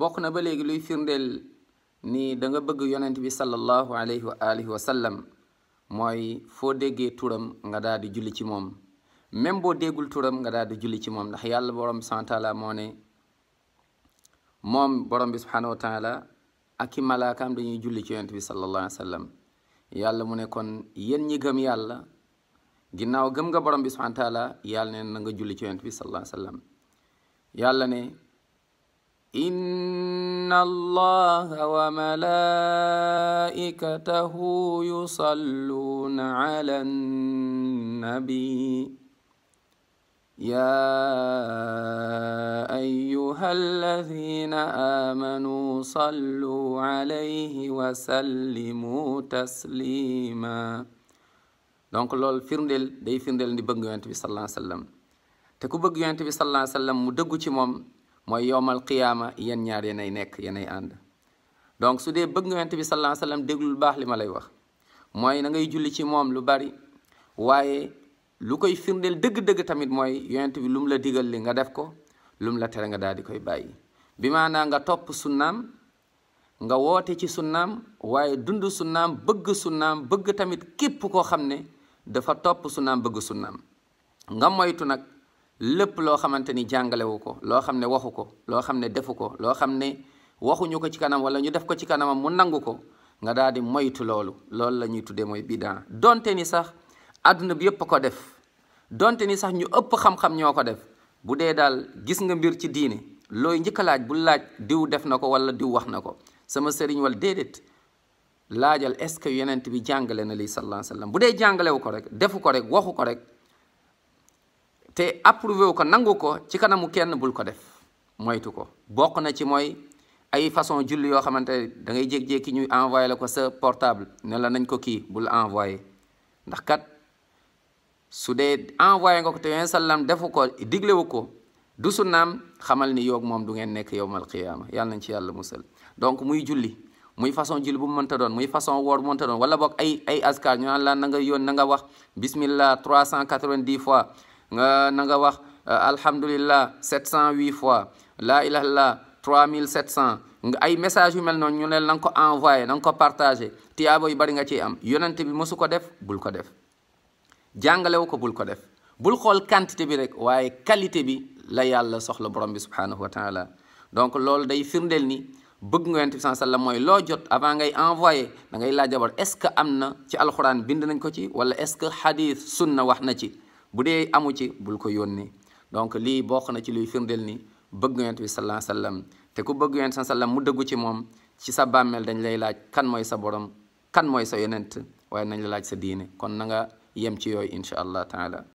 bokk na ba léegi luy firndel ni da nga bëgg yonent bi sallallahu alayhi wa alihi wa sallam mooy foo déggee turam nga daal di julli ci moom même boo déggul turam nga daal di julli ci moom ndax yàlla borom bi subhanahu taala moo ne moom borom bi subhanahu wa taala ak i malaakaam dañuy julli ci yonent bi sallallahu wa sallam yàlla mu ne kon yéen ñi gëm yàlla ginnaaw gëm nga borom bi subhanahu taala yàlla ne na nga julli ci yonent bi sallallahu wa sallam yàlla ne in إن الله وملائكته يصلون على النبي يا أيها الذين آمنوا صلوا عليه وسلموا تسليما donc loolu firndeel day firndeel ni bëgg yonent bi sallallahu alayhi wa sallam te ku bëgg yonent bi sallallahu alayhi wa sallam mu dëggu ci moom mooy yowmal qiyaama yéen ñaar yéenay nekk yéenay ànd donc su dee bëgg nga yonent bi sallallahu alayhi wa sallam lu baax li ma lay wax mooy na ngay julli ci moom lu bari waaye lu koy firndeel dëgg-dëgg tamit mooy yonent bi lu la digal li nga def ko lum la tere nga daal di koy bàyyi bi naa nga topp su naam nga woote ci su naam waaye dund su naam bëgg sunnaam bëgg tamit képp koo xam ne dafa topp su naam bëgg sunnaam nga moytu nag lépp loo xamante ni jàngalewu ko loo xam ne waxu ko loo xam ne defu ko loo xam ne waxuñu ko ci kanam wala ñu def ko ci kanamam mu nangu ko nga daal di moytu loolu loolu la ñuy tuddee mooy bidaa donte ni sax àdduna bi yëpp ko def donte ni sax ñu ëpp xam-xam ñoo ko def bu dee daal gis nga mbir ci diine looy njëkk laaj bu laaj diw def na ko wala diw wax na ko sama sëriñ wala déedéet laajal est ce que yonent bi jàngale na lii sallallahu alayhi wasallam bu dee jàngalewu ko rek defu ko rek waxu ko rek te approuvé wu ko nangu ko ci kanamu kenn bul ko def moytu ko bokk na ci mooy ay façon julli yoo xamante ne da ngay jékki-jékki ñuy envoyé la ko sa portable ne la nañ ko kii bul envoyé ndax kat su dee envoyé nga ko te yoneen defu ko diglewu ko du su naam xamal ni yoog moom du ngeen nekk yowmal qiyaama yàlla nañ ci yàlla musal donc muy julli muy façon julli bu mu mënta doon muy façon woor bu mënta doon wala boog ay ay askar ñu naan la na nga yoon na nga wax fois nga na nga wax euh, alhamdulillah 708 fois laa ilaha illallah 3700 nga ay message yu mel noonu ñu ne na nga ko envoyé na nga ko partagé tiyaabo yu bari nga ciy am yonent bi mosu ko def bul ko def jàngalewu ko bul ko def bul xool quantité bi rek waaye qualité bi la yàlla soxla borom bi subhaanahu wa taala donc loolu day firndeel ni bëgg nga yonent san saa sallam mooy loo jot avant ngay envoyé da ngay laaj d'abord est-ce que am na ci alxuraan bind nañ ko ci wala est-ce que xadis sunna wax na ci bu dee amu ci bul ko ni donc lii bokk na ci luy firndeel ni bëgg yonent bi sallallahu alayhi wa te ku bëgg yonent sallallahu sa wa mu dëggu ci moom ci sa bàmmeel dañ lay laaj kan mooy sa borom kan mooy sa yenent waaye nañ la laaj sa diine kon na nga yem ci yooyu incha allah taala